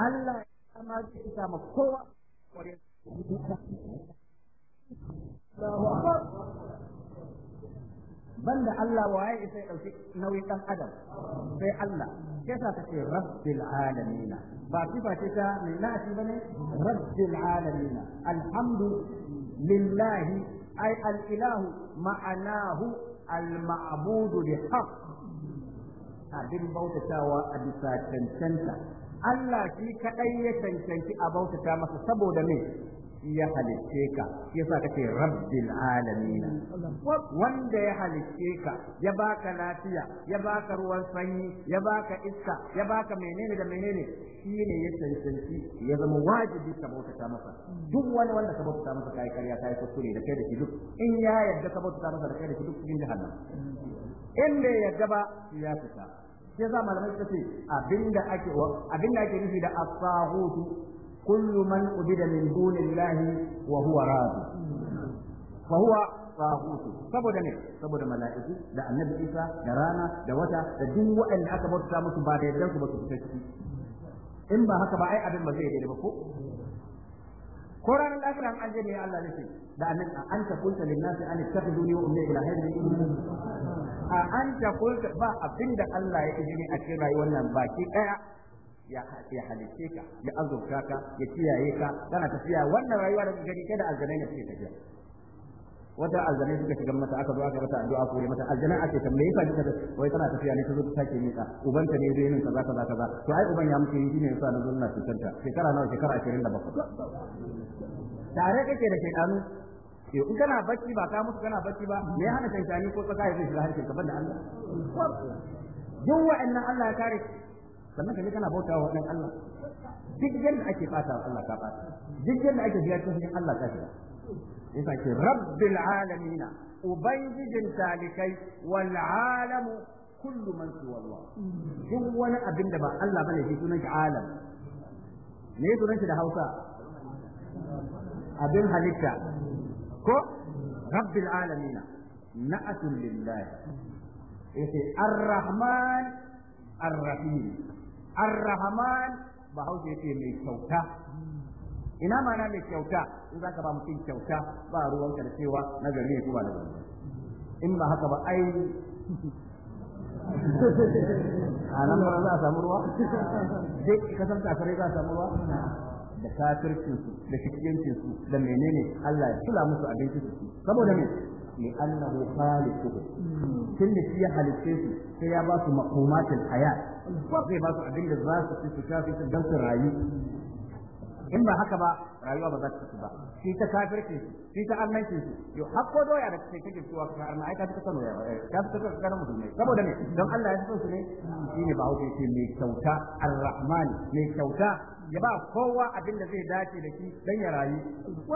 Allah ya kama zai isa ma kowa kwarin banda Allah ya isa ya dauki nauyin adam sai Allah sai sa ta ce rabbil alamin ba sifa ce ta mai nafi bane rabbil alamin alhamdu lillahi ay al ilahu ma'anahu al ma'budu bi haqq abin bautatawa a bisa cancanta Allah shi kadai ya cancanci a bautata masa saboda me ya halicce ka yasa kace rabbil alamin wanda ya halicce ka ya baka lafiya ya baka ruwan sanyi ya baka iska ya baka menene da menene shi ne ya cancanci ya zama wajibi ka bautata masa duk wani wanda ka bautata masa kai karya kai kuskure da kai da shi duk in ya yarda ka bautata masa da kai da shi duk cikin jahannam in bai yarda ba ya fita sai za malamai suka ce abinda ake abinda ake nufi da as-sahutu kullu man ubida min dunillahi wa huwa radu fa huwa sahutu saboda ne saboda mala'iku da annabi Isa da rana da wata da duk waɗanda aka bauta musu ba da yadda ku ba su fitacci in ba haka ba ai abin ba zai daidai ba ko ko ranar lafiya an je Allah ne da annabi an ta kunta lin nasi an ittakhiduni wa ummi ilahin a anta kulta ba abinda Allah ya izini a cikin rayuwar nan baki daya ya halice ka ya azurta ka ya kiyaye ka kana tafiya wannan rayuwa da gani kada aljanai ne suke tafiya wata aljanai suka shiga mata aka zo aka mata addu'a ko mata aljanai ake ta me yasa kika wai tana tafiya ne ta zo ta sake mika ubanta ne zai yin kaza kaza kaza to ai uban ya mutu yi ne yasa na zo na cutar ta shekara nawa shekara 27 tare kake da shekaru in kana bacci ba ka mutu kana bacci ba me ya hana shaytani ko tsaka ya shiga harkin ka da Allah duk wa'annan Allah ya kare sannan kaje kana bauta wa wannan Allah duk yadda ake fata Allah ka fata duk yadda ake shiga cikin Allah ka shiga yasa ce rabbil alamin ubangijin talikai wal alam kullu man siwa Allah duk wani abin da ba Allah bane shi sunan shi alam me sunan shi da Hausa abin halitta ko rabbil alamin na'atun lillahi yace ar-rahman ar-rahim ar-rahman ba hausa yace mai kyauta ina mana mai kyauta in zaka ba mutum kyauta ba ruwan da na gari ne ko ba nagari in ba haka ba ai a nan ba za a samu ruwa duk kasar takarai za a samu ruwa da kafircin su da kiyancin su da menene Allah ya tula musu abinci su saboda me لأنه shi ya شيء su sai ya ba su makomatin hayat zai ba su abin da za su ci su shafi su dan rayu in ba haka ba rayuwa ba za ta ci ba shi ta kafirce su shi ta annanci su yo hakko doya da kake kake cewa ka amma ai ka ta sanu ya ka eh, ta sanu ka mu ne saboda ne don Allah ya so su ne shine ba hauke ce mai kyauta arrahman mai kyauta ya ba kowa abin da zai dace da shi dan ya rayu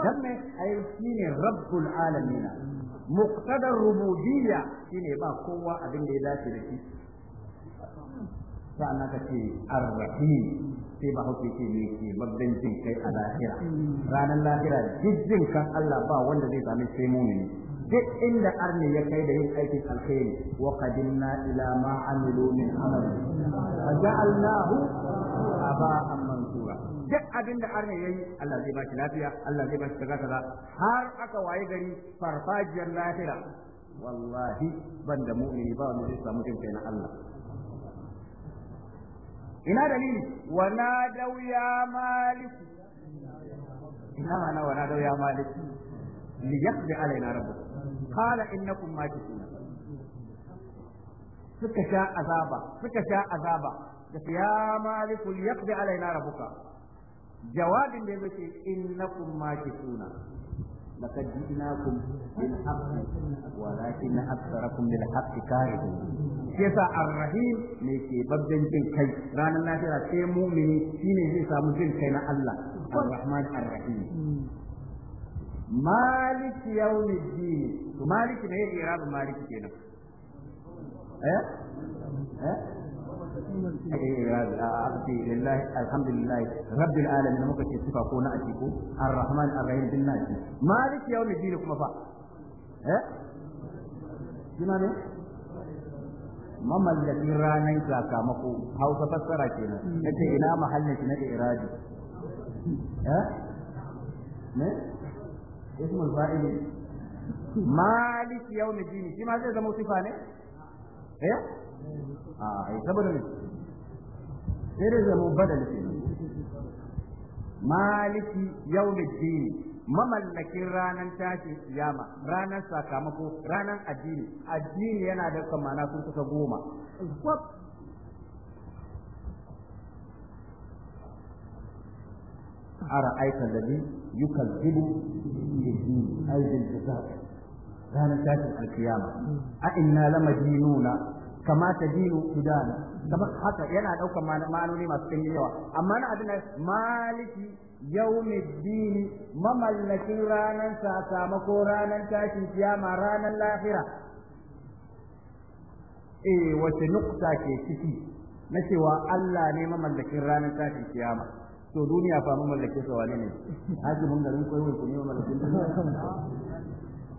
dan me ai shine rabbul alamin muqtadar rububiyya shine ba kowa abin da ya dace da shi sa'an ka ce ar-rahim sai ba hauke ce ne ke babban kai a lahira ranar lahira duk jin kan Allah ba wanda zai zame sai mumini duk inda arni ya kai da yin aikin alkhairi wa qadimna ila ma amilu min amali fa ja'alnahu aba'an mansura duk abin da arne yayi Allah zai bashi lafiya Allah zai bashi kaza kaza har aka waye gari farfajiyar lahira wallahi ban da mu'mini ba mu zai samu jin na Allah ina dalili wa nadaw ya malik ina mana wa nadaw ya malik liyaqdi alaina rabbuk قال إنكم ماجدون suka sha azaba suka sha azaba da ya malik kul yaqdi alaina rabbuka jawabin da yake innakum makituna lakad jinakum bil haqqi walakin aktharakum bil haqqi karihun yasa arrahim ne ke babban jin kai ranan lafiya sai mu'mini shine zai samu jin na Allah arrahman arrahim maliki yawmiddin to maliki ne yake rabu maliki kenan eh eh لله الحمد لله رب العالمين muka ce sifa ko na aji ko ar-rahman ar-rahim bin nas malik yawm al kuma fa eh kina ne mamallakin ranar sakamako hausa fassara kenan yace ina mahallin na iradi eh ne ismul malik shi ma zai zama sifa ne eh a ah, ai saboda ne sai da zama badal maliki yawm din mamallakin ranar tashi kiyama ranar sakamako ranar addini addini yana da kamana sun kusa goma Ƙara aisa da ni yuƙa zinu, ya ɗauki ranar takin a a ina lamadin nuna, kamata biyu guda na, kamata Hassan yana ɗaukar manomi masu ɗauke yawa, amma na ɗauki maliki, yaumi biyu ni mamallakin ranar tsatsama ko ranar takin kiyama, ranar lafira, eh wacce nuƙusa ke ciki, na cewa Allah ne mamallakin ranar takin kiyama. to duniya fa mun mallake sa wane ne haji mun garin koyo ku ne mallakin duniya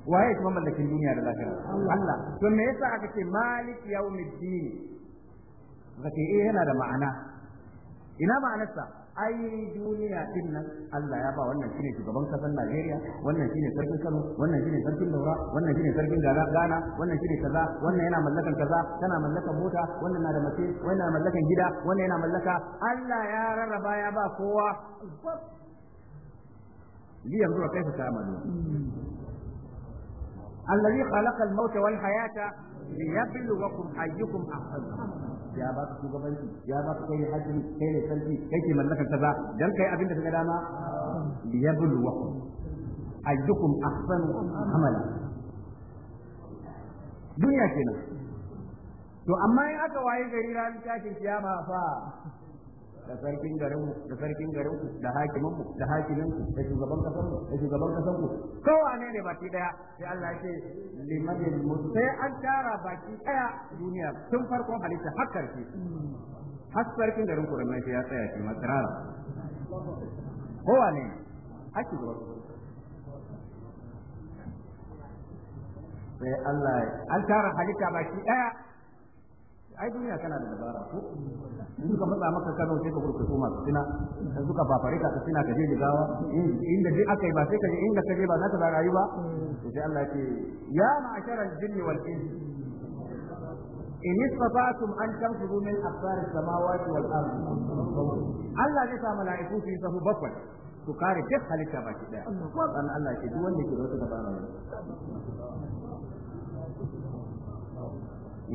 waye kuma mallakin duniya da lafiya Allah to me yasa aka ce malik yawmiddin zaka eh yana da ma'ana ina ma'anarsa ai duniya din nan Allah ya ba wannan shine shugaban kasar Najeriya wannan shine sarkin Kano wannan shine sarkin Daura wannan shine sarkin Ghana wannan shine kaza wannan yana mallakan kaza tana mallakan mota wannan na da mace wannan na mallakan gida wannan yana mallaka Allah ya rarraba ya ba kowa li yanzu kai ta amalu الذي خلق wal hayata liyabluwakum ayyukum أحسن ya ba ka shugabanci ya ba ka kai hajji kai ne sarki kai ke ta kaza dan kai abin da kaga dama liyabluwakum ayyukum ahsanu amala duniya kenan to amma in aka waye gari ran tashin kiyama fa da sarkin garin da sarkin garin ku da hakimin mu da hakimin ku da shugaban kasar mu da shugaban kasar ku kowane ne baki daya sai Allah ya ce limadil mulk sai an tara baki daya duniya tun farko halitta har karshe har sarkin garin ku da mai ya tsaya shi matsarara kowane haki zuwa sai Allah an tara halitta baki daya ai duniya kana da dabara ko in suka matsa maka kano sai ka kurkuku masu sina ka suka fafare ka sina ka je jigawa inda dai aka yi ba sai ka je inda ka je ba za ka rayu ba mm. to sai Allah ya ce ya ma'asharal jinni wal insi in istata'tum an tanfudu min aqsar as-samawati wal ard Allah zai sa mala'iku su sahu bakwai su kare duk halitta baki daya wannan Allah ke duk wanda ke da wata dabara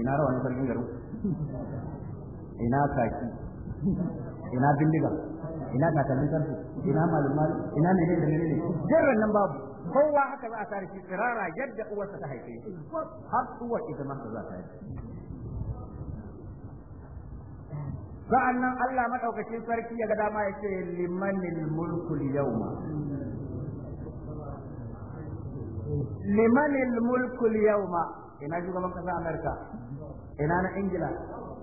ina rawan sarkin garin ina kaki ina bindiga ina takalmin karfe ina malum ina ina ne da ne jirran nan babu kowa haka za a tare shi tsirara yadda uwarsa ta haife har uwar ita ma za ta haife sa'annan Allah madaukakin sarki ya ga dama ya ce limanil mulkul yawma limanil mulkul yawma ina shugaban ƙasar Amerika ina na Ingila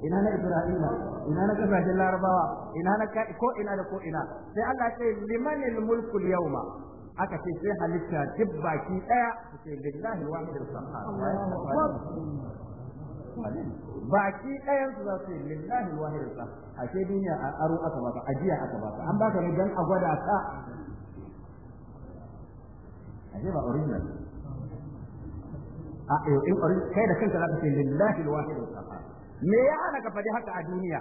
ina na Isra'ila ina na kasashen Larabawa ina na ko ina da ko ina sai Allah ce limanil mulkul yawma aka ce sai halitta duk baki ɗaya ce lillahi wahidul qahhar baki ɗayan su za su yi lillahi wahidul qahhar ashe duniya a aro aka baka ajiya aka baka an baka ne don a gwada ka ashe ba original a eh, in kai da kanka zaka ce lillahi alwahid alqahar me ya ana ka faɗi haka a duniya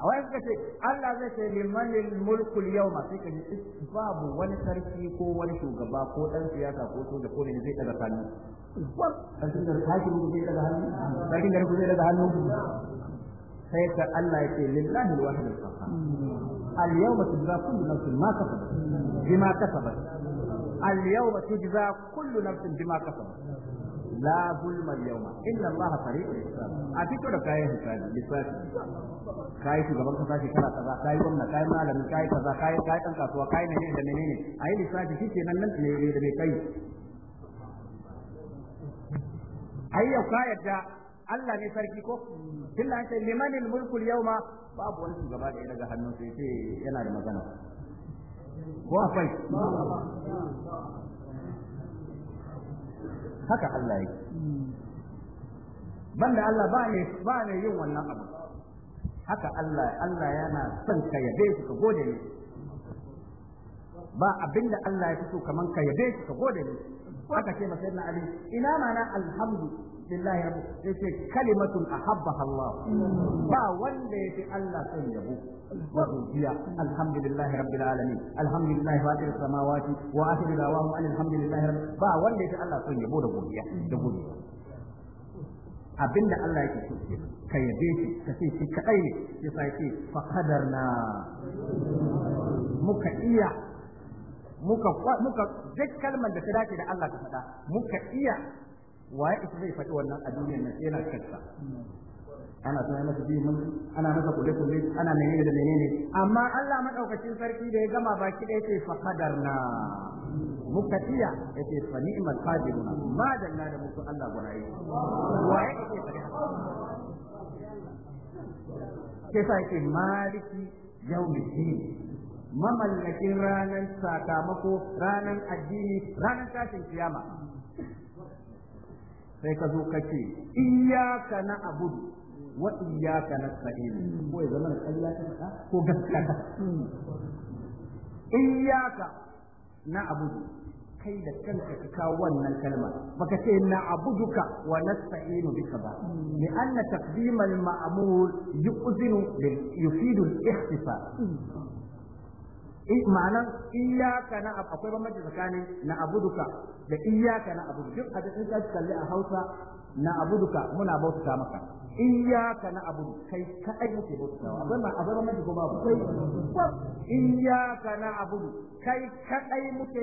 a wani suka ce Allah zai ce liman mulkul yawma sai ka ji babu wani sarki ko wani shugaba ko dan siyasa ko soja ko ne zai daga hannu sarkin da hakim zai daga hannu sarkin da zai daga hannu sai ka Allah ya ce lillahi alwahid alqahar al yawma tujza kullu nafsin ma kasabat bima kasabat al-yawma tujza kullu nafsin bima kasabat la zulma al-yawma inna Allah sari'ul hisab a fito da kayan lissafi kai shugaban kasa shekara kaza kai gwamna kai malamin kai kaza kai kai dan kasuwa kai ne da menene ayi lissafi kike nan nan ne da me kai ayyau ka yadda Allah ne sarki ko tilla ce limanil mulkul yawma babu wani shugaba da ya daga hannun sai yana da magana wafai akwai haka Allah yake banda Allah ba ne ba ne yin wannan abu haka Allah Allah yana son ka yabe shi ka gode ne ba abinda Allah ya fito kaman ka yabe shi ka gode ne haka ce sai na Ali ina mana alhamdu billahi rabu sai kalimatun ahabbaha Allah ba wanda yafi Allah son ya bu الحمد لله رب العالمين الحمد لله فاطر السماوات واخر wanda Allah son bu da godiya da godiya abinda Allah yake so ka yabe shi ka shi kadai ne yasa yake fa qadarna muka iya muka muka duk kalmar da ta dace da Allah ka faɗa muka iya waye ita zai faɗi wannan a duniyar nan yana kansa ana sanar masa biyu mun ana masa kule kule ana menene da menene amma Allah madaukakin sarki da ya gama baki da yake fa na. muka iya yace fa ni'mal qadiruna ma danna da muku Allah gurai waye yake faɗi ke sa yake maliki yawmiddin mamallakin ranar sakamako ranar addini ranar tashin kiyama sai ka zo ka ce iyyaka na abudu wa iyyaka nasta'in ko ya zama kariya ta faɗa ko gaskiya ta iyyaka na abudu kai da kanka ka kawo wannan kalma baka ce na abuduka wa nasta'inu bika ba li anna taqdim al ma'mul yuqzinu yufidu al ihtifa ma'anan iyaka na akwai bambanci tsakanin na abuduka da iyaka na abudu duk a cikin kashi kalli a Hausa na abuduka muna bauta maka iyaka na abudu kai kadai muke bautawa akwai ma akwai bambanci ko babu iyaka na abudu kai ka kadai muke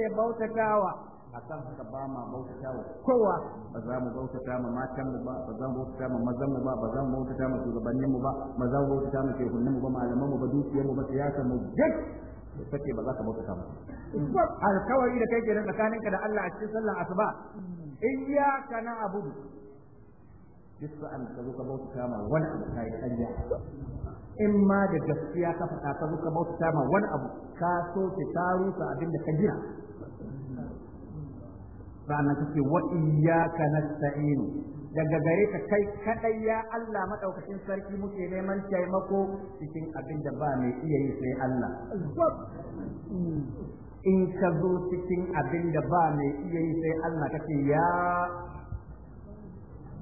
A akan haka ba ma bauta kawa kowa ba za mu bautata ma matan mu ba ba za mu bautata ma mazan mu ba ba za mu bautata ma shugabannin mu ba ba za mu bautata ma shehunan mu ba malaman mu ba dukiyar mu ba siyasar mu duk kace ba za ka bauta masa alkawari da kai kenan tsakaninka da Allah a cikin sallar asuba iyyaka na'budu duk sa'an ka zo ka bauta ma wani abu kai kanya in ma da gaskiya ka faɗa ka zo ka bauta ma wani abu ka so ki taru sa abin da ka gina? sa'an ka ce wa iyyaka nasta'inu daga gare ka kai kadai ya Allah madaukakin sarki muke neman taimako cikin abin da ba mai iya yi sai Allah in ka zo cikin abin da ba mai iya yi sai Allah kace ya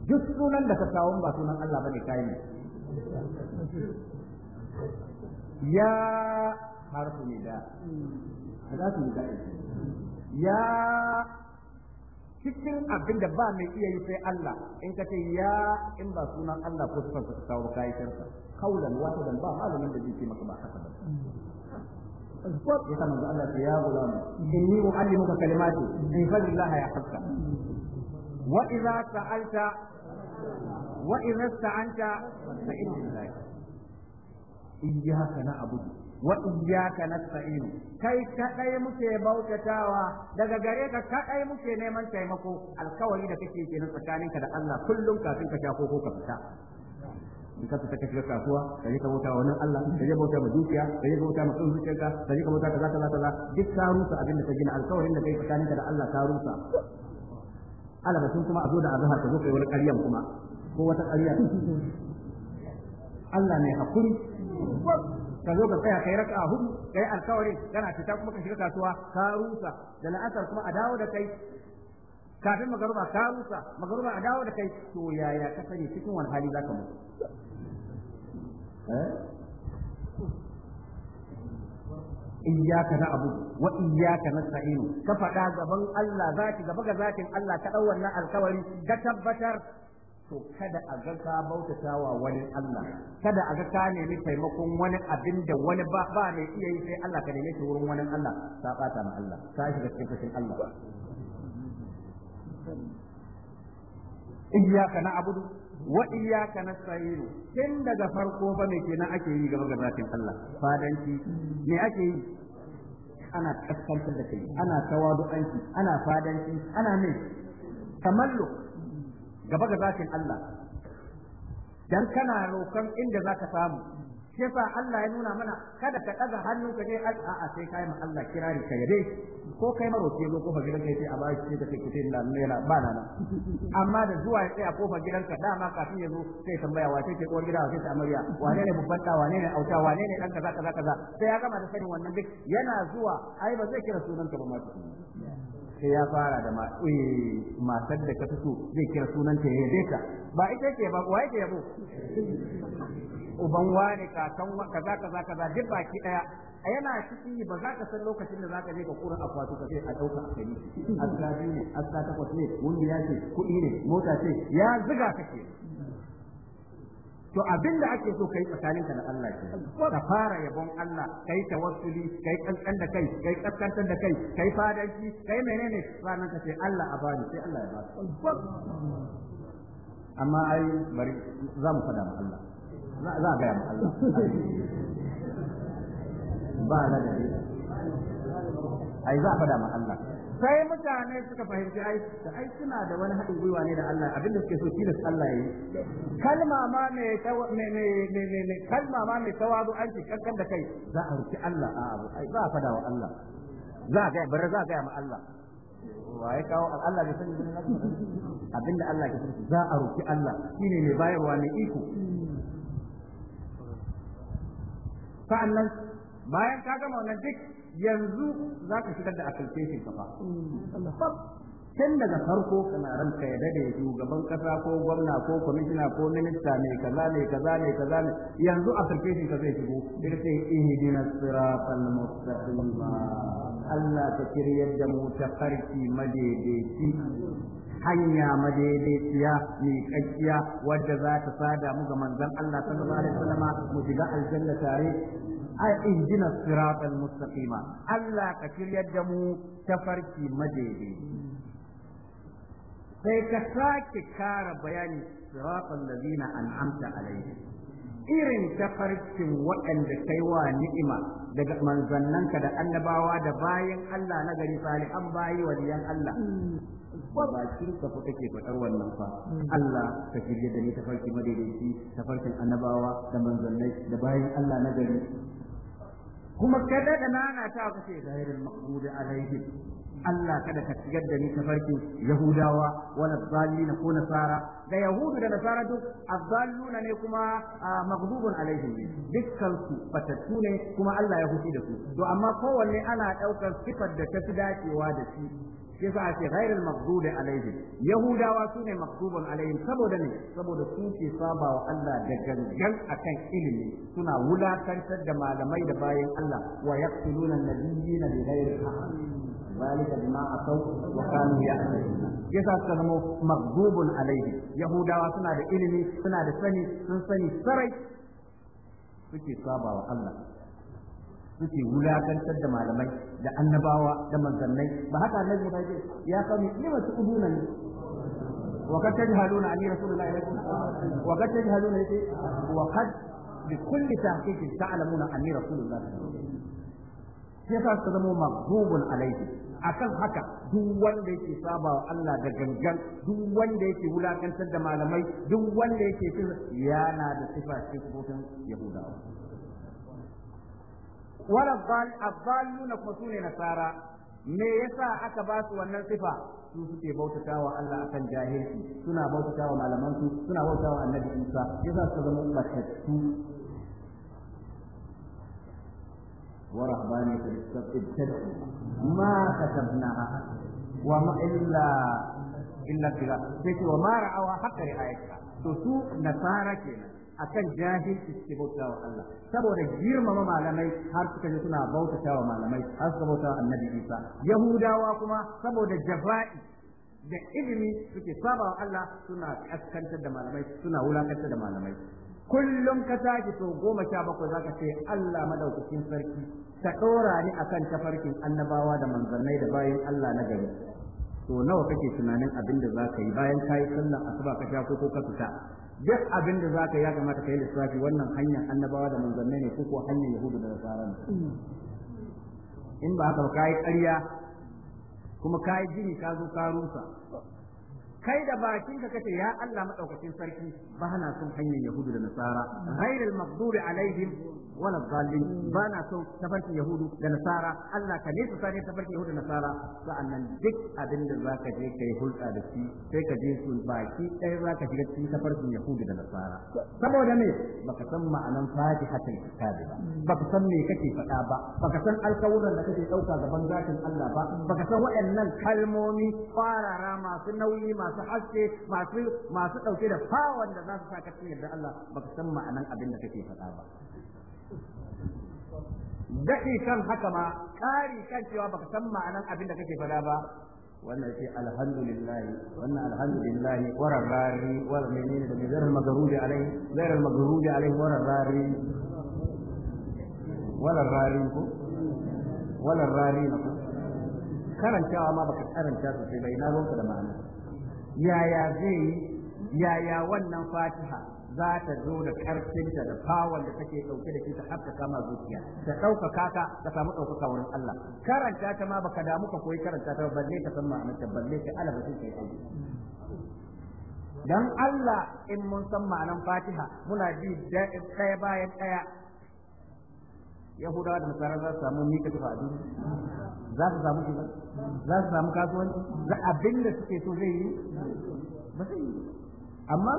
duk sunan da ka kawo ba sunan Allah bane kai ne ya harfu nida da su ya cikin abin da ba mai iya yi sai Allah in ka ce ya in ba sunan Allah ko sukan ka kawo kai shirka wata wahidan ba malamin da zai maka ba haka ba ya manzo Allah ya gulam inni uallimuka kalimati in fadlillah ya hakka wa idza sa'alta wa idza sta'anta fa inna iyyaka na'budu wa iyyaka nasta'in kai kadai muke bautatawa daga gare ka kadai muke neman taimako alkawari da kake kenan tsakaninka da Allah kullum kafin ka sha ko ka fita in ka fita ka shiga kasuwa ka je ka bauta wa wannan Allah ka je bauta ma dukiya ka je bauta ma kan zuciyarka ka je ka bauta kaza kaza kaza duk ka rusa abin da ka gina alkawarin da kai tsakaninka da Allah ka rusa sun kuma a zo da azhar ka zo kai wani ƙaryan kuma ko wata ƙarya Allah ne hakuri ka zo ka tsaya kai raka hudu kai alkawari kana fita kuma ka shiga kasuwa ka rusa da la'asar kuma a dawo da kai kafin magaruba ka rusa magaruba a dawo da kai to yaya ka sani cikin wani hali zaka mutu eh? iyyaka na'budu wa iyyaka nasta'in ka faɗa gaban Allah zaki gaba ga zakin Allah ka dau wannan alkawari ka tabbatar to kada a ga ka bautata wa wani Allah kada a ga ka nemi taimakon wani abin da wani ba ba ne iya yi sai Allah ka nemi shi wurin wani Allah ta bata ma Allah ta shiga cikin fushin Allah iyyaka na'budu wa iyyaka nasta'in tun daga farko ba me kenan ake yi gaba ga zatin Allah fadanci me ake yi ana kaskantar da kai ana tawadu'anci ana fadanci ana ne tamallu gaba ga zakin Allah dan kana rokan inda za ka samu shi yasa Allah ya nuna mana kada ka ɗaga hannu ka je a'a sai kai ma Allah kirari ka yabe ko kai ma ya zo kofar gidan ya ce a bashi sai ka sai ne na ba na amma da zuwa ya tsaya kofar da dama kafin ya zo sai tambaya wace ce uwar gida wace ce amarya wane ne babban ta wane ne auta wane ne dan kaza kaza kaza sai ya gama da sanin wannan duk yana zuwa ai ba zai kira sunan ka ba ma sai ya fara da matar da ka fito zai kira sunan ta yabe ka ba ita ce ba kuwa yake yabo uban wani kakan kaza kaza kaza duk baki daya a yana ciki ba za ka san lokacin da za ka je ka kura akwati ka sai a dauka a kai azgabi ne azga takwas ne wani ya ce kuɗi ne mota ce ya ziga kake to abin da ake so kai tsakaninka da Allah ke ka fara yabon Allah kai tawassuli kai kankan da kai kai kaskantar da kai kai fadanci kai menene ranar ka ce Allah a bani sai Allah ya ba amma ai bari za mu fada ma Allah za a gaya ma Allah ba na da ai za a fada ma Allah sai mutane suka fahimci ai da ai suna da wani haɗin gwiwa ne da Allah abinda suke so tilas Allah yi kalma ma me me me me me kalma ma me tawadu an ci kankan da kai za a ruki Allah a abu ai za a fada wa Allah za a ga bare za a ga ma Allah waye kawo Allah bai sani abinda Allah ke za a ruki Allah shine mai bayarwa ne iko sa'annan bayan ka gama wannan duk yanzu za ka fitar da application ka fa daga farko kana ranka ya dade shugaban kasa ko gwamna ko kwamishina ko minista ne kaza ne kaza ne kaza ne yanzu application ka zai shigo daga sai ihdina siratal mustaqim Allah ta kiryar da mu ta farki madaidaici hanya madaidaiciya mai kakkiya wadda za ta sada mu ga manzon Allah sallallahu alaihi zama mu shiga aljanna tare ai injina siratal mustaqima Allah ka shiryar da mu tafarki madaidai sai ka sake kara bayani siratal ladina an'amta alaihi irin tafarkin waɗanda kai wa ni'ima daga manzannanka da annabawa da bayan Allah na gari salihan bayi waliyan Allah ba ka fa kake faɗar wannan fa Allah ka shirye da ni tafarki madaidaici tafarkin annabawa da manzannai da bayan Allah na gari kuma kada da nana ta ka ce ghairil maghdubi alaihim Allah kada ka shigar da ni farki Yahudawa wala zalina ko nasara da Yahudu da nasara duk azzalluna ne kuma maghdubun alaihim dukkan su fatattu ne kuma Allah ya huci da su to amma kowanne ana daukar sifar da ta fi dacewa da shi shi yasa ake ghairul maghdubi alaihim yahudawa sune maghdubun alaihim saboda ne saboda su ke saba wa Allah da gangan akan ilimi suna wulakantar da malamai da bayan Allah wa yaqtuluna an-nabiyina bighairi haqq ذلك بما عصوا وكانوا يعملون yasa suka maghdubun alaihi yahudawa suna da ilimi suna da sani sun sani sarai suke saba wa Allah suke wulakantar da malamai da annabawa da manzannai ba haka annabi Musa ce ya kawai ni wasu uduna ne wa kad tajhaluna ali rasulullahi wa kad tajhaluna yace wa kad bi kulli tahqiqin ta'lamuna anni rasulullahi sai ka su zama maghbubun alaihi akan haka duk wanda yake saba wa Allah da gangan duk wanda yake wulakantar da malamai duk wanda yake yana da sifa cikin yahudawa wala azzaluna kuma sune nasara me yasa aka ba su wannan sifa su suke wa Allah akan jahilci suna bautatawa malaman su suna bautatawa annabi Isa yasa suka zama matattu ma ابتدعوا ما كتبناها وما إلا إلا ابتلاء وما رعوها حق رعايتها تسوء نصارى كنا akan jahilci suke bauta wa Allah saboda girmama malamai har suka je suna bautata wa malamai har suka bauta wa annabi Isa yahudawa kuma saboda jaba'i da ilimi suke saba wa Allah suna kaskantar da malamai suna wulakantar da malamai kullum ka tashi to goma sha bakwai zaka ce Allah madaukakin sarki ka ɗora ni akan tafarkin annabawa da manzannai da bayan Allah na gari to nawa kake tunanin abin da zaka yi bayan kayi sallan asuba ka sha ko ka fita duk abin da zaka ya kamata kai lissafi wannan hanyar annabawa da manzannai ne kuko hanyar yahudu da nasara ne in ba haka ba kai ƙarya kuma kai jini ka zo ka rusa kai da bakin ka kace ya Allah madaukakin sarki ba na son hanyar yahudu da nasara ghairil maghdubi alaihim wala dhalin ba na son tafarki yahudu da nasara Allah ka nisa sani tafarki yahudu da nasara sa'annan duk abin da zaka je kai hulɗa da shi sai ka je su baki ɗaya zaka shiga cikin tafarkin yahudu da nasara saboda me baka san ma'anan fatihatul kitab ba baka san me kake faɗa ba baka san alƙawuran da kake ɗauka gaban zakin Allah ba baka san waɗannan kalmomi farara masu nauyi masu masu haske masu masu dauke da fawon da zasu saka cikin yadda Allah baka san ma'anan abin da kake faɗa ba daɗi kan haka ma kari kan cewa baka san ma'anan abin da kake faɗa ba wannan shi alhamdulillah wannan alhamdulillahi wararrari war menene da zarar magarubi alai zarar magarubi alai wararrari wararrari ko wararrari na ko karantawa ma baka karanta sosai bai na ruwanka da ma'ana yaya zai yi yaya wannan fatiha za ta zo da karfinta da fawon da take dauke da shi ta haskaka ma zuciya ta ɗaukaka ka ka samu ɗaukaka wurin Allah karanta ta ma baka damu ka koyi karanta ta balle ka san ma'anarta balle ka alaba sun kai aiki dan Allah in mun san ma'anar fatiha muna bi ɗaya bayan ɗaya yahudawa da nasara za su samu mika tufa a duniya za su samu shiga za su samu kasuwanci za abin da suke so zai yi ba zai yi amma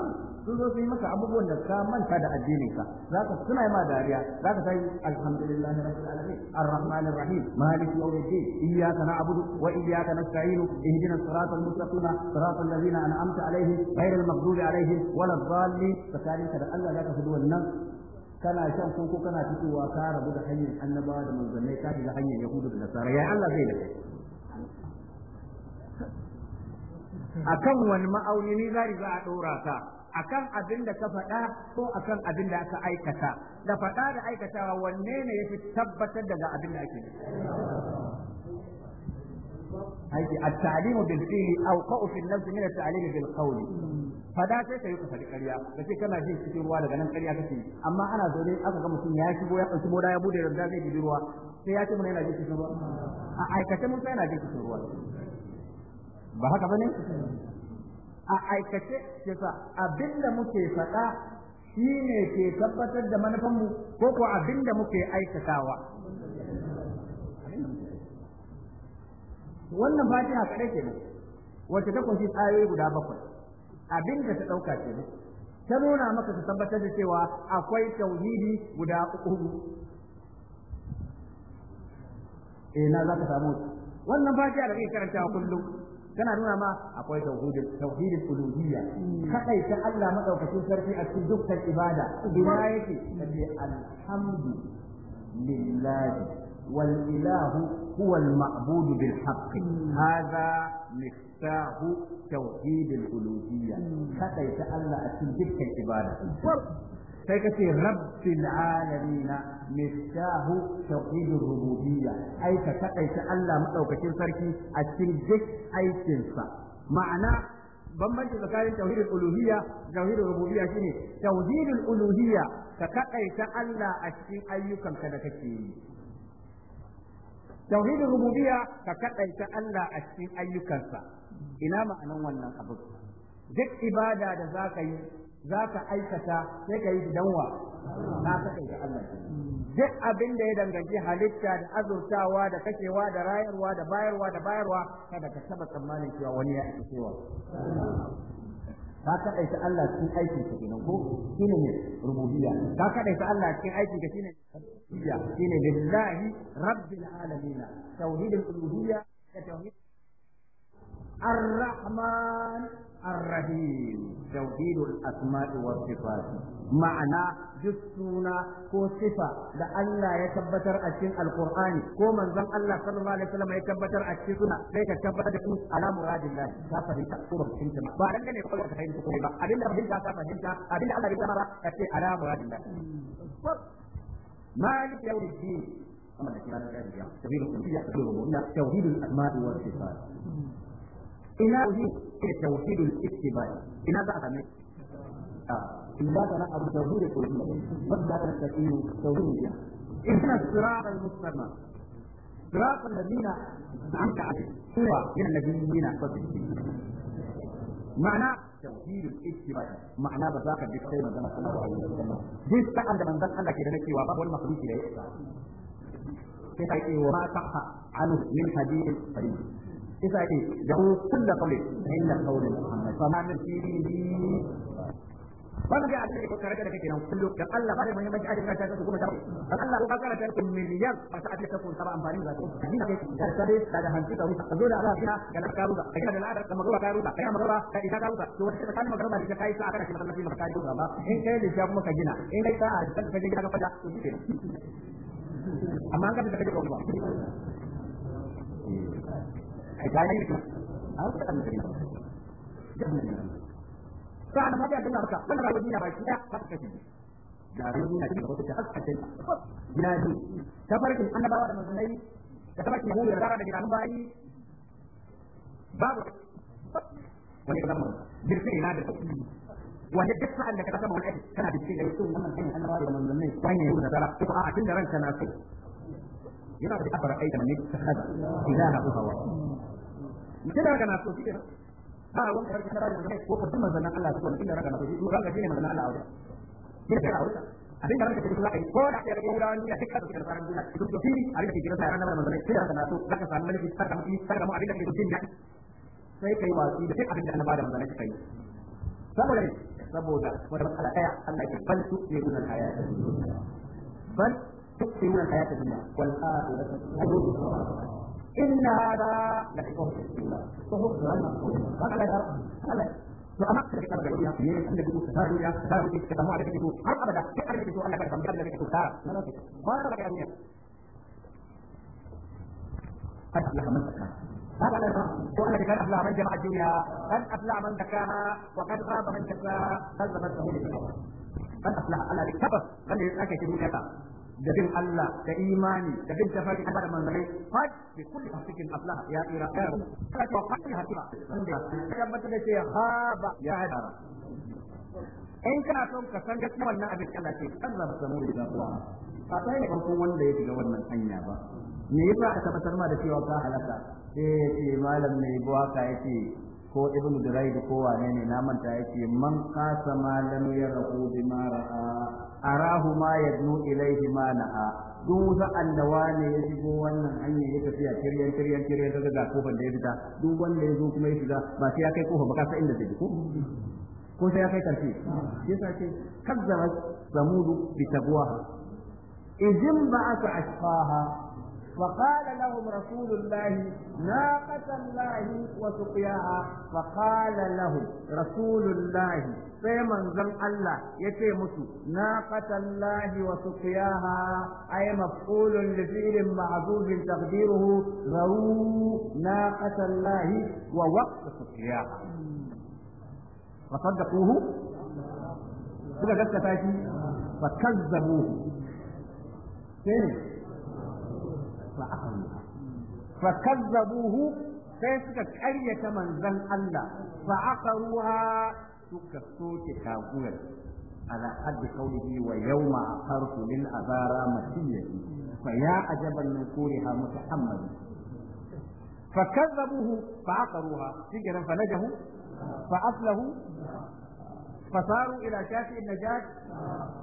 sun zo su yi maka abubuwan da ka manta da addinin ka za ka suna yi ma dariya za ka sai alhamdulillahi rabbil alamin arrahmanir rahim malik yawmiddin iyyaka na'budu wa iyyaka nasta'in ihdinas siratal mustaqim siratal ladzina an'amta alaihim ghayril maghdubi alaihim walad dallin tsakaninka da Allah za ka fi wannan kana shan ko kana fitowa ka rabu da hanyar annabawa da manzannai ka shiga hanyar yahudu da nasara ya Allah zai da akan wani ma'auni ne za a ɗora ka akan abin da ka faɗa ko akan abin da aka aikata da faɗa da aikatawa wanne ne ya fi tabbatar daga abin da ake aiki at-ta'limu bil fi'li awqa'u fil nafs min at-ta'lim bil qawli fada sai kai ka fadi ƙarya kace kana jin cikin ruwa daga nan ƙarya kake amma ana zo ne aka ga mutum ya shigo ya ɗauki moda ya bude randa zai bi ruwa sai ya ce mun yana jin cikin ruwa a aikace mun sai yana jin cikin ruwa ba haka bane a aikace ke sa abinda muke faɗa shine ke tabbatar da mu, ko ko abinda muke aikatawa wannan fatiha kadai kenan wacce ta kunshi ayoyi guda bakwai abin da ta dauka kenan ta nuna maka ta tabbatar da cewa akwai tauhidi guda uku eh na za samu wannan fatiha da kake karantawa kullum Kana nuna ma akwai tauhidi tauhidi uluhiyya kai ta Allah madaukakin sarki a cikin dukkan ibada ina yake kace alhamdu lillahi والإله هو المعبود بالحق هذا مفتاح توحيد الألوهية حتى يتألى أكل تلك العبادة فكتي رب العالمين مفتاح توحيد الربوبية أي كتاك يتألى مطلوب كتير فاركي أكل أي تلفا معنى بمجد ذكاري توحيد الألوهية توحيد الربوبية شنو؟ توحيد الألوهية ka kakaita Allah أيكم cikin ayyukanka tauhidin rububiyya ka kaɗaita Allah a cikin ayyukansa ina ma'anan wannan abu duk ibada da za ka yi za ka aikata sai ka yi danwa na kaɗaita Allah duk abin da ya danganci halitta da azurtawa da kashewa da rayarwa da bayarwa da bayarwa kada ka taba tsammanin cewa wani ya ake cewa ka kadaita Allah cikin aikin ka kenan ko shine ne rububiyya ka kadaita Allah cikin aikin ka shine rububiyya shine lillahi rabbil alamin tauhidul uluhiyya ka tauhid الرحمن الرحيم توحيد الأسماء والصفات ma'ana duk suna ko da Allah ya tabbatar a cikin alkur'ani ko manzon Allah sallallahu ya tabbatar a cikin suna da su ala muradillah ka fahimta ko ban توحيد الاتباع هذا بعد إن هذا أنا أبو توحيد الكلية بدأ تستقيم توحيد إن الصراط المجتمع صراط الذين أنعمت عليهم هو من الذين صدقوا معنى توحيد الاتباع معنى بذاك بكثير من صلى الله عليه وسلم جيت تقعد من ذلك الله كده نكي وابا والمخلوق إليه كيف يقول وما صح عنه من حديث قريب isa ce da kulla qawli inna qawli muhammad fa ma min ba ga abin da kuka rage da kake nan kullum da Allah ba da muhimmanci ajin rata su kuma ta dan Allah ko ka rata miliyan ba ta ajin kafin saba amfani da su ni ne da sai da da hanci ka wuce zo da Allah kina ga na karuka ga da ladar da magruba karuka kai magaba da ita karuka to wata ta kan magaba da kai sa aka shi masallaci maka kai ba in kai da kuma ka gina in kai ta a da ka gina ka fada amma ga da kake ba ai yi a wasu kasan da sa'an da mafiya dinga maka wannan rayuwar duniya baki daya za ka kashe da rayuwar duniya cikin wata haska ce Ina ji tafarkin annabawa da manzanai da tafarkin yahudu da zara da gidanun bayi babu wani kasan mu ina da wanda duk sa'an da ka kasa wani aiki kana da cikin yakin wannan hanyar annabawa da manzanai wani yahudu da zara ko a'a tun da ranka na so yana da abara aida ne ta hada ilaha uhawa mutum da haka na so shi ba a wani karfi na rajin zai ko ka duma zanen Allah su inda raka na so shi ko raka shi ne Allah a wajen shi ne a wajen abin da raka ke kuma kai ko da ke rage wurawan duniya duk kasu karfaran duniya duk da fili abin da ke sai ranar mazanen sai raka na so raka samu malaki sarka mutum sarka mu abin da ke jin daɗi sai kai watsi da abin da annaba da mazanen kai saboda saboda wata matsala ɗaya Allah ke bal su ne gunan haya bal تؤثرون الحياة الدنيا إن هذا لكفر فهو غير مقبول قال لا هذا وأما كتاب الدنيا من أن يقول سهر الدنيا سهر الدنيا كتاب على كتاب هل أبدا كأن كتاب أنك كتاب كتاب كتاب سهر قال لك يا أمير قد أفلح من زكاها هذا لا هو الذي قد أفلح من جمع الدنيا قد أفلح من زكاها وقد خاب من زكاها قد من سهول قد أفلح الذي كفر قد يتأكد من كفر da bin Allah da imani da bin tafarki da da manzare fat bi kulli hasikin aflaha ya ira ya rabu ta ta fati hakima da tabbata da ce haba ya hadara in kana son ka san gaskiya wannan abin Allah ce Allah samu da kuwa ba sai ne farkon wanda ya shiga wannan hanya ba me yasa aka tabbatar ma da cewa ka halaka eh, eh ce malam ne buwaka yake ko Ibn Duraid ko wane ne na manta yake man sama lam yarahu bima ra'a arahu ma yadnu ilayhi ma na'a duk sa'an da wane ya shigo wannan hanyar ya tafiya kiryan kiryan kiryan daga ga kofar da ya fita duk wanda ya zo kuma ya shiga ba sai ya kai kofa ba ka san inda take ko ko sai ya kai karshe yasa ce kazzabat samudu bi taqwaha idin ba'atha ashqaha فقال لهم رسول الله ناقة الله وسقياها فقال لهم رسول الله sai manzon Allah ya ce musu naqatallahi wa suqiyaha ay maf'ulun li fi'lin ma'zubin taqdiruhu rawu naqatallahi wa waqt suqiyaha fa saddaquhu suka gaskata shi fa kazzabuhu sai فكذبوه فسك كرية من ذن الله فعقروها سكسوك كاغوية على حد قوله ويوم عقرت للأبارى مسيتي فيا أجبا من كورها متحمد فكذبوه فعقروها سجنا فنجحوا فأصله فصاروا إلى شافئ النجاة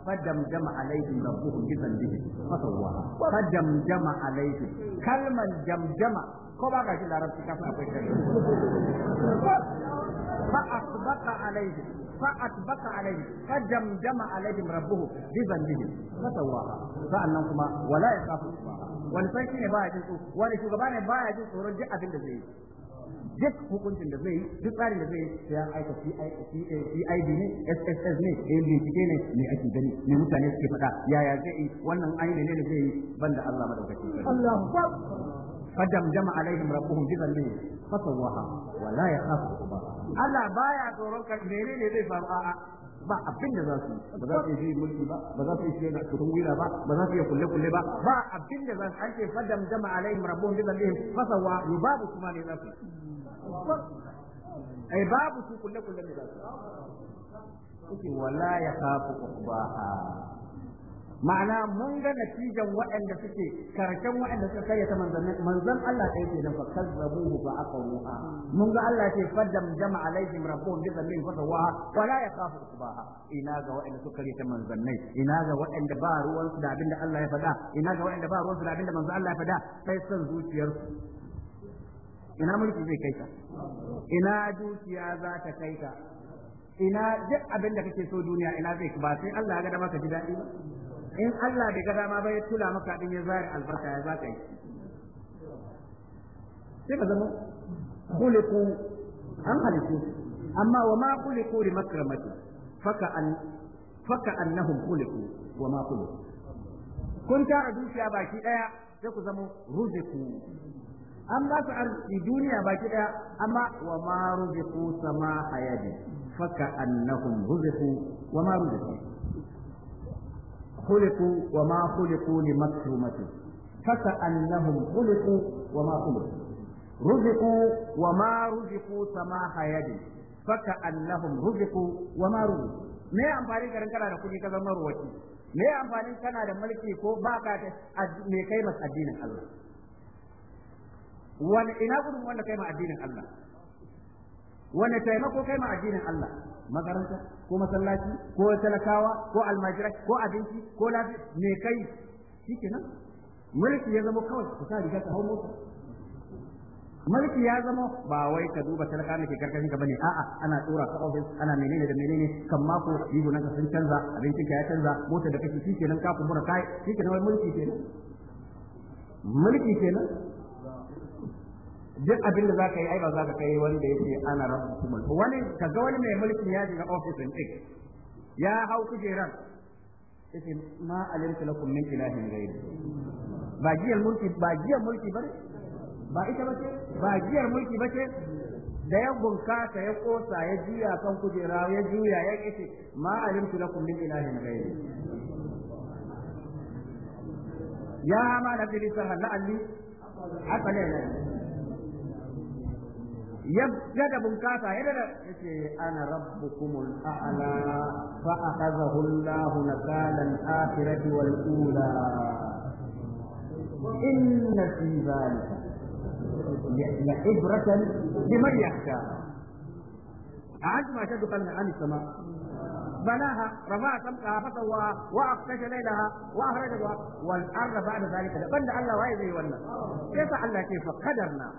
فدمدم عليهم ربهم بذنبهم فسواها فدمدم عليهم كلمة جمجمة ko ba ka shi larabci kafin akwai shari'a fa asbaqa alaihi fa asbaqa alaihi fa jamjama alaihim rabbuhum bi dhanbihim fa sawaha sa'annan kuma wala yakhafu wani ne wani shugaba ne baya jin tsoron duk abin da zai yi duk hukuncin da zai yi duk tsarin da zai yi sai ya aika CID ne SSS ne da yin bincike ne me ake gani ne mutane suke faɗa yaya zai yi wannan ayi ne da zai yi banda Allah madaukakin Allahu فدمدم عليهم ربهم بذنبهم فسواها ولا يخاف عقباها Allah baya tsoron ka menene zai faru a'a ba abin da za su ba za su yi mulki ba ba za su yi na tutun wila ba ba za su yi kulle kulle ba ba abin da za su ake fadam jama alaihim rabbuhum bi dhanbihim fasawa yubabu kuma ne za su ai babu su kulle kulle ne za su kuke wala ya kafu ubaha ma'ana mun ga natijan waɗanda suke karshen waɗanda suka karya ta manzannin manzon Allah ɗaya ke nan fa kazzabuhu fa aqamuha mun ga Allah ce fadam jama alaihim rabbuhum bi dhanbin fa sawaha wa la yakhafu usbaha ina ga waɗanda suka karya ta manzannai ina ga waɗanda ba ruwan su da abinda Allah ya faɗa ina ga waɗanda ba ruwan su da abinda manzon Allah ya faɗa sai san zuciyarsu ina mulki zai kai ka ina dukiya za ta kai ka ina duk abin da kake so duniya ina zai ba sai Allah ya ga maka ji daɗi ba in Allah bai ga dama ba ya tula maka din ya zare albarka ya za ka yi sai ka zama kuliku an halittu amma wa ma kuliku li makramati faka an faka annahum kuliku wa ma kuliku kun ta dukiya baki daya sai ku zama ruziku an ba su arziki duniya baki daya amma wa ma ruziqu sama hayadi faka annahum ruziqu wa ma ruziqu khuliqu wa ma khuliqu limakrumati faka annahum khuliqu wa ma khuliqu ruziqu wa ma ruziqu sama hayadi faka annahum ruziqu wa ma ruziqu me amfani garin kana da kuɗi ka zama ruwaci me amfanin kana da mulki ko baka da me kai mas addinin Allah wani ina gudun wanda kai ma addinin Allah wani taimako kai ma addinin Allah makaranta ko masallaci ko talakawa ko almajira ko abinci ko lafi me kai nan mulki ya zama kawai ka sa riga ka hau mota mulki ya zama ba wai ka duba talaka ne ke karkashin ka bane a'a ana tsora ka office ana menene da menene kan mako yiwu nan ka sun canza abincin ka ya canza mota da kake nan ka kuma kai shike nan mulki kenan mulki kenan duk abin da zaka yi ai ba za ka kai wanda yake ana rabbukum wani ga wani mai mulkin ya shiga ofisin din ya hau kujeran yace ma alimtu lakum min ilahin ghayri ba giyar mulki ba giyar mulki bane ba ita bace ba giyar mulki bace da ya bunkasa ya kosa ya jiya kan kujera ya juya ya kace ma alimtu lakum min ilahin ghayri ya ma nabi sallallahu alaihi wasallam la'alli haka يبدأ بنكاسة أنا ربكم الأعلى فأخذه الله نكال الآخرة والأولى إن في ذلك لعبرة لمن يخشى عندما أشد قلنا عن السماء بناها رفع سمكها فسوى وأقتش ليلها وأخرج والأرض بعد ذلك بند الله وعيده والله كيف الله كيف قدرنا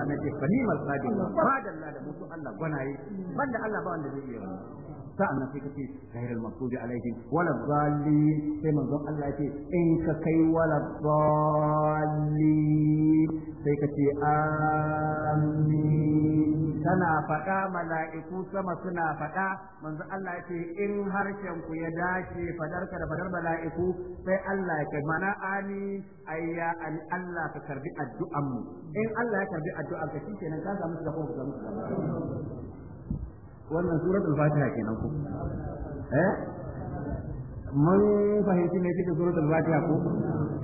ana ce fanimal qadim fadalla da mutu Allah gwanaye banda Allah ba wanda zai iya sa'annan sai ka ce ghairil maghdubi alaihim wala dhalin sai manzon Allah ya ce in ka kai wala dhalin sai ka ce amin tana faɗa mala'iku sama suna faɗa manzon Allah ya ce in harshen ku ya dace ka da fadar mala'iku sai Allah ya ce mana amin ayya an Allah ka karbi addu'an mu in Allah ya karbi addu'an ka shikenan ka samu da kuma ka samu wannan al fatiha nan ku eh mun fahimci me cikin al fatiha ku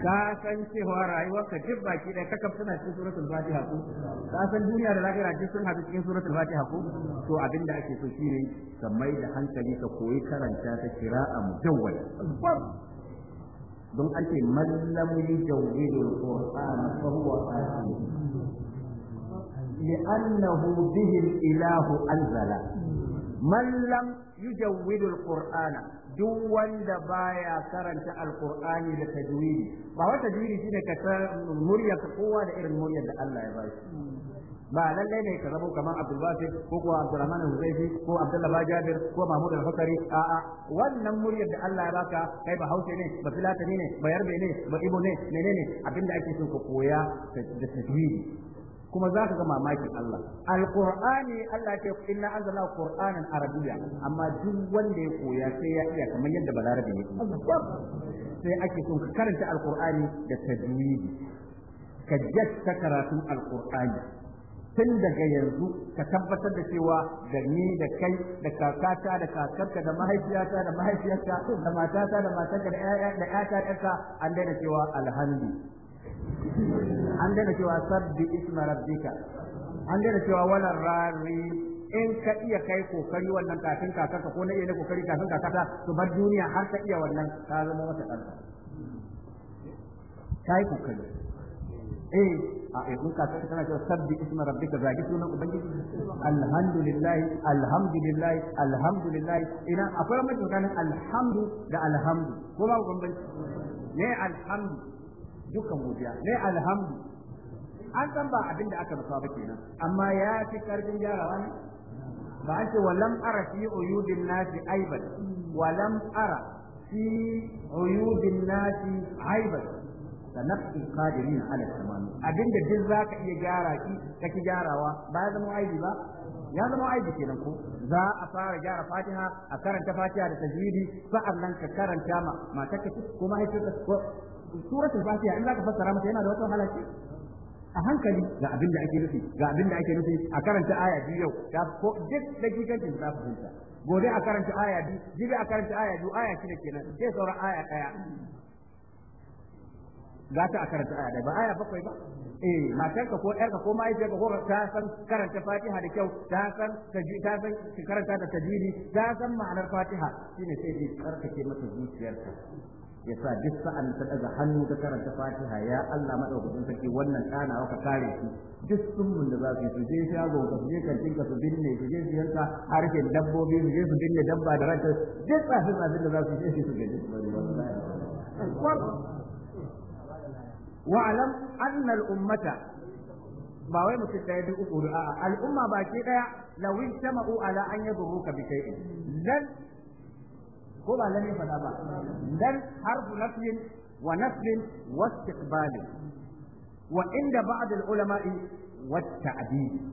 ka san cewa rayuwar ka duk baki da kakaf suna cikin al fatiha ku ka san duniya da lafiya duk sun haɗu cikin al fatiha ku to abin da ake so shine ka mai da hankali ka koyi karanta ta kira'a mujawwala don ake mallam jawwidul qur'an fa huwa qasim لأنه به الإله أنزل mallam yujawwidul qur'ana duk wanda baya karanta alqur'ani da tajwidi ba wata tajwidi shine ka murya kowa da irin muryar da Allah ya bashi ba lallai ne ka zama kamar Abdul Basit ko ko Abdurrahman Huzaifi ko Abdullah ba ko Mahmud Al-Fakari a a wannan muryar da Allah ya baka kai ba Hausa ne ba Filatani ne ba Yarbe ne ba Ibo ne menene abinda ake so ka koya da tajwidi kuma za ka ga mamakin Allah alqur'ani Allah ya ce inna anzalna qur'anan arabiya, amma duk wanda ya koya sai ya iya kamar yadda balarabe ne sai ake son ka karanta alqur'ani da tajwidi ka jatta karatun alqur'ani tun daga yanzu ka tabbatar da cewa da ni da kai da kakata da kakarka da mahaifiyata da mahaifiyarka da matata da matarka da ƴaƴa da an daina cewa alhamdu an daina cewa sabbi isma rabbika an daina cewa wala rari in ka iya kai kokari wannan kafin kakaka ko na iya kokari kafin kakata to bar duniya har ka iya wannan ka zama wata kanta kai kokari eh a eh, in ka sai kana cewa sabbi isma rabbika zagi sunan ubangiji alhamdulillah alhamdulillah alhamdulillah ina akwai mutum kanin alhamdu da alhamdu ko ba ku bambanci ne alhamdu dukkan godiya ne alhamdu an san ba abin da aka nufa ba kenan amma ya fi karfin gyarawa ne ba an ce walam ara fi uyubin nasi aiban walam ara fi uyubin nasi aiban da nafsin qadirin ala tamam abin da duk zaka iya gyara ki kake gyarawa ba ya zama aibi ba ya zama aiki kenan ko za a fara gyara fatiha a karanta fatiha da tajwidi sa'annan ka karanta ma matarka ko mahaifiyarka ko suratul fatiha in zaka fassara mata yana da wata halaki a hankali ga abin da ake nufi ga abin da ake nufi a karanta aya biyu yau da ko duk dakikancin za su fahimta gobe a karanta aya biyu jibi a karanta aya biyu aya shida kenan sai sauran aya daya ga ta a karanta aya da ba aya bakwai ba eh matarka ko yarka ko mahaifiyarka ko ta san karanta Fatiha da kyau ta san ta san karanta da tajwidi ta san ma'anar Fatiha shine sai ki ke mata zuciyarka ya sa duk sa'an ta daga hannu ta karanta fatiha ya Allah madaukakin sarki wannan kana ka kare shi duk mun da za su yi su je shago ka suje je kantin ka su binne su je siyan ka harkin dabbobi su je su binne dabba da ranta duk tsafin tsafin da za su yi su gaji wa'alam annal ummata ba wai mutum ɗaya duk uku a'a al'umma baki ɗaya lawin tama'u ala an yadurruka bi kai lan ko ba lalle fada ba dan harfu nafin wa nafin wa istiqbal wa inda ba'd al ulama'i wa ta'dil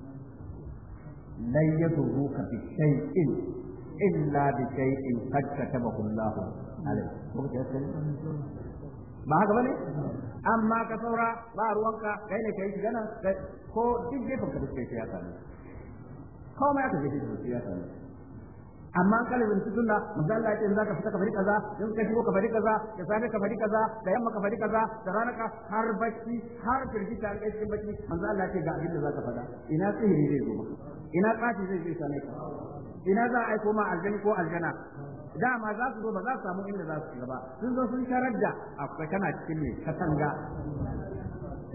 la yadurruka bi shay'in illa bi shay'in qad katabahu Allah alayhi ko ka sani ba haka bane amma ka saura ba ruwanka kai ne kai gana ko duk gefen ka duk sai ya sani kawai aka gaji da ya sani amma kalbin sunna manzo Allah ya ce zaka fita ka bari kaza in ka shigo ka bari kaza da safe ka kaza da yamma ka bari kaza da rana ka har bacci har firgita har cikin bacci manzo Allah ya ce ga abin da zaka faɗa ina sihiri zai zo ina tsafi zai zai Sani? ka ina za a aiko ma aljani ko aljana dama za su zo ba za su samu inda za su shiga ba sun zo sun sharar da akwai kana cikin ne katanga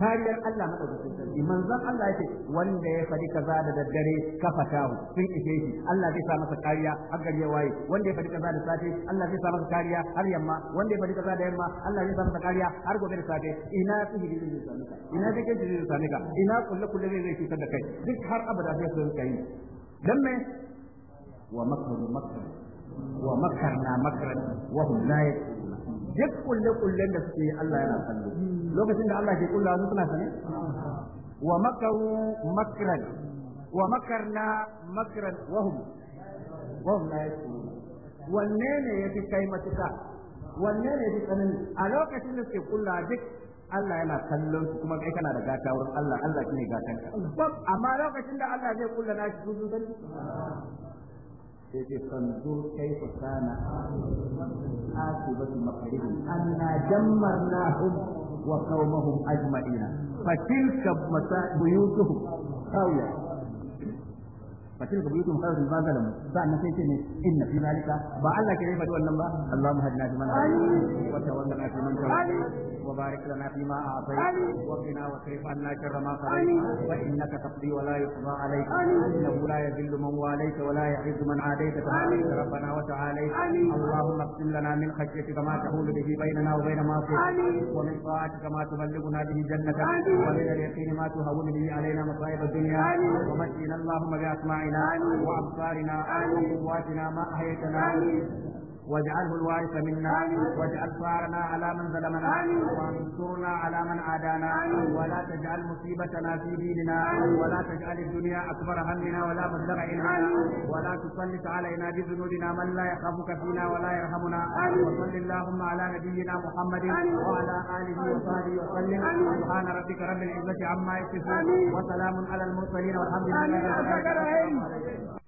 kariyar Allah madaukakin sarki manzon Allah yake wanda ya faɗi kaza da daddare kafa tahu sun ishe shi Allah zai sa masa kariya har gari waye wanda ya faɗi kaza da safe Allah zai sa masa kariya har yamma wanda ya faɗi kaza da yamma Allah zai sa masa kariya har gobe da safe ina sihiri zai same ka ina kake zai same ka ina kullu kullu zai cutar da kai duk har abada sai sun kai dan me wa makaru makar wa makarna makran wa hum la yakun duk kulle kullen da suke Allah yana kallo lokacin da Allah ke kulla su suna sane wa makaru makran wa makarna makran wahum wahum la yashkurun wanne ne yafi kai matuka wanne ne yafi tsanani a lokacin da suke kulla duk Allah yana kallon su kuma kai kana da gata wurin Allah Allah shine gatan ka amma lokacin da Allah zai kulla na shi sun sani sai ce fanzur kaifa kana asibatu makarihim anna jammarnahum wa qaumahum ajma'ina fatilka masabuyutuhum qawiya fatilka buyutuhum khairun ma zalamu sa'an sai ce ne inna fi zalika ba Allah ke yi faɗi wannan ba Allahumma hadina fi man hadina wa tawallana fi man tawallana وبارك لنا فيما أعطيت وقنا واصرف عنا شر ما قضيت وإنك تقضي ولا يقضى عليك إنه لا يذل من واليت ولا يعز من عاديت تبارك ربنا وتعاليت اللهم اقسم لنا من خشيتك ما تحول به بيننا وبين معصيتك ومن طاعتك ما تبلغنا به جنتك ومن اليقين ما تهون به علينا مصائب الدنيا ومتنا اللهم بأسماعنا وأبصارنا وقواتنا ما أحييتنا واجعله الوارث منا واجعل ثارنا على من ظلمنا وانصرنا على من عادانا ولا تجعل مصيبتنا في ديننا ولا تجعل الدنيا اكبر همنا ولا مبلغ علمنا ولا تسلط علينا بذنوبنا من لا يخافك فينا ولا يرحمنا وصل اللهم على نبينا محمد وعلى اله وصحبه وسلم سبحان ربك رب العزه عما يصفون وسلام على المرسلين والحمد لله رب العالمين